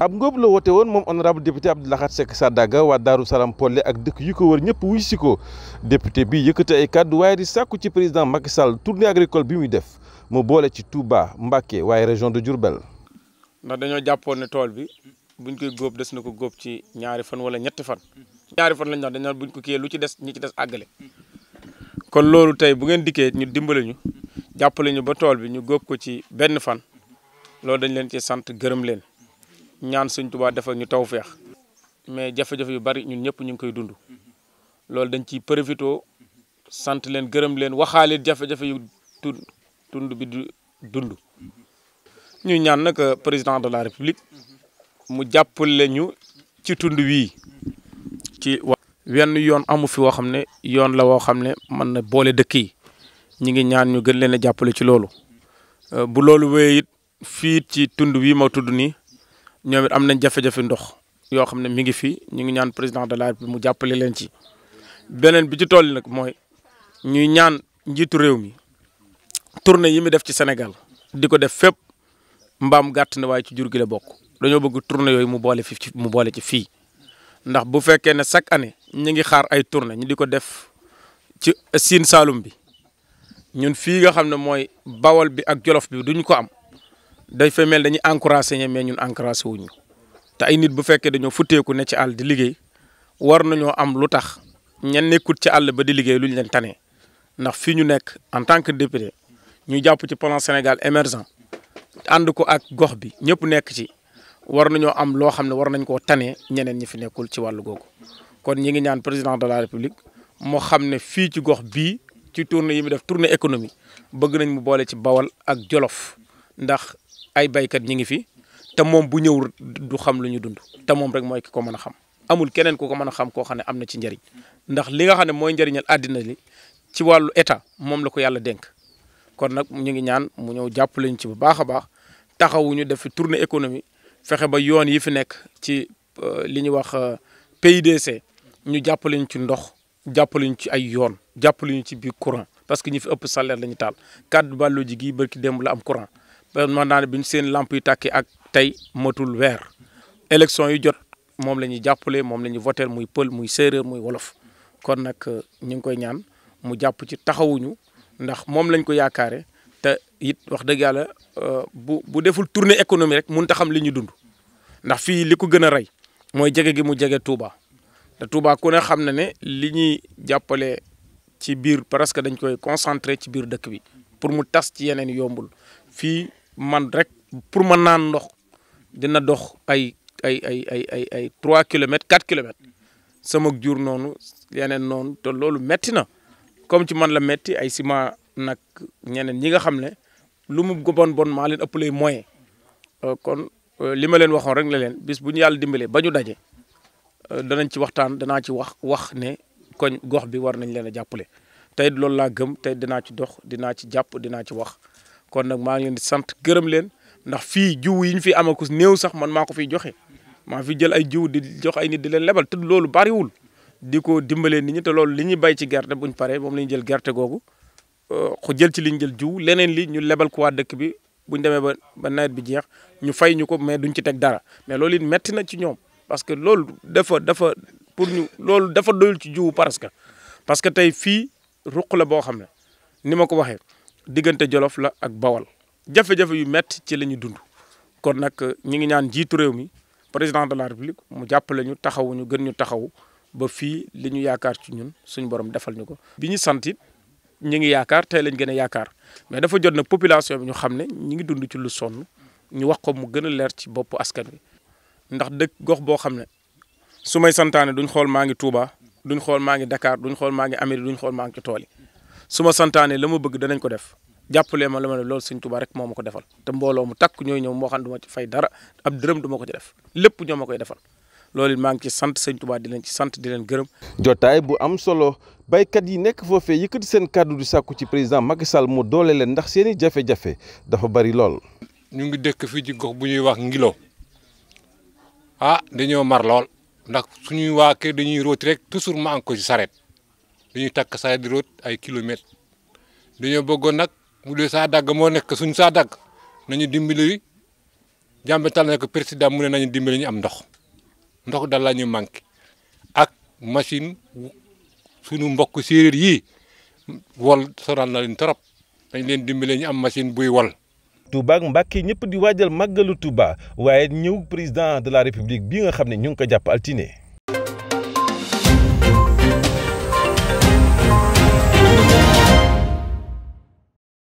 ab ngóob la woote woon moom honorable député Abdou Lahad Seck Sadaga waa Daaru Salaam Polle ak dëkk yu ko wër ñëpp wuy si ko député bi yëkkati ay kàddu waaye di sàkku ci président Macky Sall tournée agricole bi muy def mu boole ci Touba Mbacké waaye région de Diourbel. ndax dañoo jàppoon ne tool bi buñ koy góob des na ko góob ci ñaari fan wala ñetti fan. ñaari fan lañ wax dañoo buñ ko kiyee lu ci des ñi ci des àggale. kon loolu tey bu ngeen dikkee ñu dimbale ñu jàppale ñu ba tool bi ñu góob ko ci benn fan loolu dañ leen ci sant gërëm leen. ñaan sëñ Tuubaa defal ñu taw feex mais jafe-jafe yu bari ñu ñëpp ñu ngi koy dund loolu dañ ciy profité sant leen gërëm leen waxaale jafe-jafe yu tund tund bi du dund ñu ñaan nag euh, président de la république mu jàppale ñu ci tund wii ci wenn yoon amu fi woo xam ne yoon la woo xam ne mën na boole dëkk yi ñi ngi ñaan ñu gën leen a jàppale ci loolu euh, bu loolu wéyee fii ci tund wii ma tudd nii ñoom it am nañ jafe-jafe ndox yoo xam ne mi ngi fi ñu ngi ñaan président de la République mu jàppale leen ci beneen bi ci tool yi nag mooy ñuy ñaan njiitu réew mi tournée yi mu def ci Sénégal di ko def fépp mbaam gàtt na waaye ci jur gi la bokk dañoo bëgg tournée yooyu mu boole fi mu boole ci fii ndax bu fekkee ne chaque année ñu ngi xaar ay tournée ñu di ko def ci Sine Saalum bi ñun fii nga xam ne mooy Bawol bi ak Jolof bi duñ ko am day fay mel dañuy encouragé ñe mais ñun encouragé wuñu te ay nit bu fekkee dañoo futteeku ne ci àll di liggéey war nañoo am lu tax ñen nekkut ci àll ba di liggéey lu ñu leen tane ndax fii ñu nekk en tant que député ñu jàpp ci plan Sénégal émergent ànd ko ak gox bi ñëpp nekk ci war nañoo am loo xam ne war nañ koo tane ñeneen ñi fi nekkul ci wàllu googu kon ñi ngi ñaan président de la république moo xam ne fii ci gox bii ci tourne yi mu def tournée économie bëgg nañ mu boole ci Bawal ak Jolof ndax ay baykat ñi ngi fi te moom bu ñëw du xam lu ñu dund te moom rek mooy ki ko mën a xam amul keneen ku ko mën a xam koo xam ne am na ci njariñ ndax li nga xam ne mooy njëriñal àddina li ci wàllu état moom la ko yàlla denk kon nag ñu ngi ñaan mu ñëw jàpp lañ ci bu baax a baax taxawuñu def fi tournée économie fexe ba yoon yi fi nekk ci euh, li ñuy wax euh, PIDC ñu jàppale ñu ci ndox jàppale ñu ci ay yoon jàppale ñu ci biir courant parce que ñi fi ëpp salaire la ñu taal kàddu bàlloo ji gii barki démb la am courant man naa ne bi ñu seen lamp yi tàkki ak tey matul weer élection yi jot moom la ñuy jàppale moom la ñuy voter muy pël muy séréer muy wolof kon nag euh, ñu ngi koy ñaan mu jàpp ci taxawuñu ndax moom lañ ko yaakaare te it wax dëgg yàlla euh, bu bu deful tournée économique rek mun ta xam li ñu dund ndax fii li ko gën a rey mooy jege gi mu jege Touba te Touba ku ne xam na ne li ñuy jàppale ci biir presque dañ koy concentré ci biir dëkk bi pour mu tas ci yeneen yombul fii man rek pour ma naan ndox dina dox ay ay ay ay ay ay trois kilomètres quatre kilomètres sama jur noonu yeneen noonu te loolu metti na comme ci man la metti ay ciment nag ñeneen ñi nga xam ne lu mu bon bon maa leen ëpp lay moyen euh, kon euh, li ma leen waxoon rek la leen bis bu ñu yàlla dimbalee bañu daje euh, danañ ci waxtaan danaa ci wax wax ne koñ gox bi war nañ leen a jàppale tey loolu laa gëm tey dinaa ci dox dinaa ci jàpp dinaa ci wax kon nag maa ngi leen di sant gërëm leen ndax fii jiw yi ñu fi amakus néew sax man maa ko fiy joxe maa fi jël ay jiw di jox ay nit di leen lebal te loolu bariwul di ko dimbalee ni ñi te loolu li ñuy bay ci gerte buñ paree moom la jël gerte googu xu euh, jël ci liñ jël jiw leneen li ñu lebal ko waa dëkk bi buñ demee ba ba nawet bi jeex ñu fay ñu ko mais duñ ci teg dara mais loolu it metti na ci ñoom parce que loolu dafa dafa pour ñu loolu dafa doyul ci jiwu parce que parce que tey fii ruq la boo xam ne ni ma ko waxee diggante Jolof la ak Bawal jafe-jafe yu metti ci la ñu dund kon nag euh, ñi ngi ñaan jiitu réew mi président de la république mu jàppale ñu taxawu ñu gën ñu taxaw ba fii li ñu yaakaar ci ñun suñu borom defal ñu ko. bi ñu sant it ñu ngi yaakaar tey lañ gën a yaakaar mais dafa jot nag population bi ñu xam ne ñu ngi dund ci lu sonn ñu wax ko mu gën a leer ci bopp askan wi ndax dëkk gox boo xam ne su may santaane duñ xool maa ngi Touba duñ xool maa ngi Dakar duñ xool maa ngi Amérique duñ xool maa ngi ci tool yi su ma santaanee la ma bëgg danañ ko def jàppalee ma la ma ne loolu sëñ Tuubaa rek moo ma ko defal te mbooloo mu takk ñooy ñëw moo xam du ma ci fay dara ab dërëm du ko ci def lépp ñoo ma koy defal loolu maa ngi ci sant sëñ Tuubaa di leen ci sant di leen gërëm. jotaay bu am solo baykat yi nekk foofee yëkkati seen kàddu di sàkku ci président Macky sal mu doole leen ndax seeni i jafe-jafe dafa bari lool. ñu ngi dëkk fii ci gox bu ñuy wax Ngilo ah dañoo mar lool ndax suñuy waa kër dañuy rooti rek toujours ma am ko ci sareet dañuy takk saa di root ay kilomètres dañoo bëggoon nag mu dee saa dagg moo nekk suñ saa dagg nañu dimbali jàmbe tal na ko président mu ne nañu dimbali ñu am ndox ndox dal la ñu manqué ak machine suñu mbokk séeréer yi wol soral na leen trop dañ leen dimbali ñu am machine buy wol Touba ak Mbacke ñëpp di waajal lu tubaa waaye ñëw président de la république bi nga xam ne ñu ngi ko jàpp altine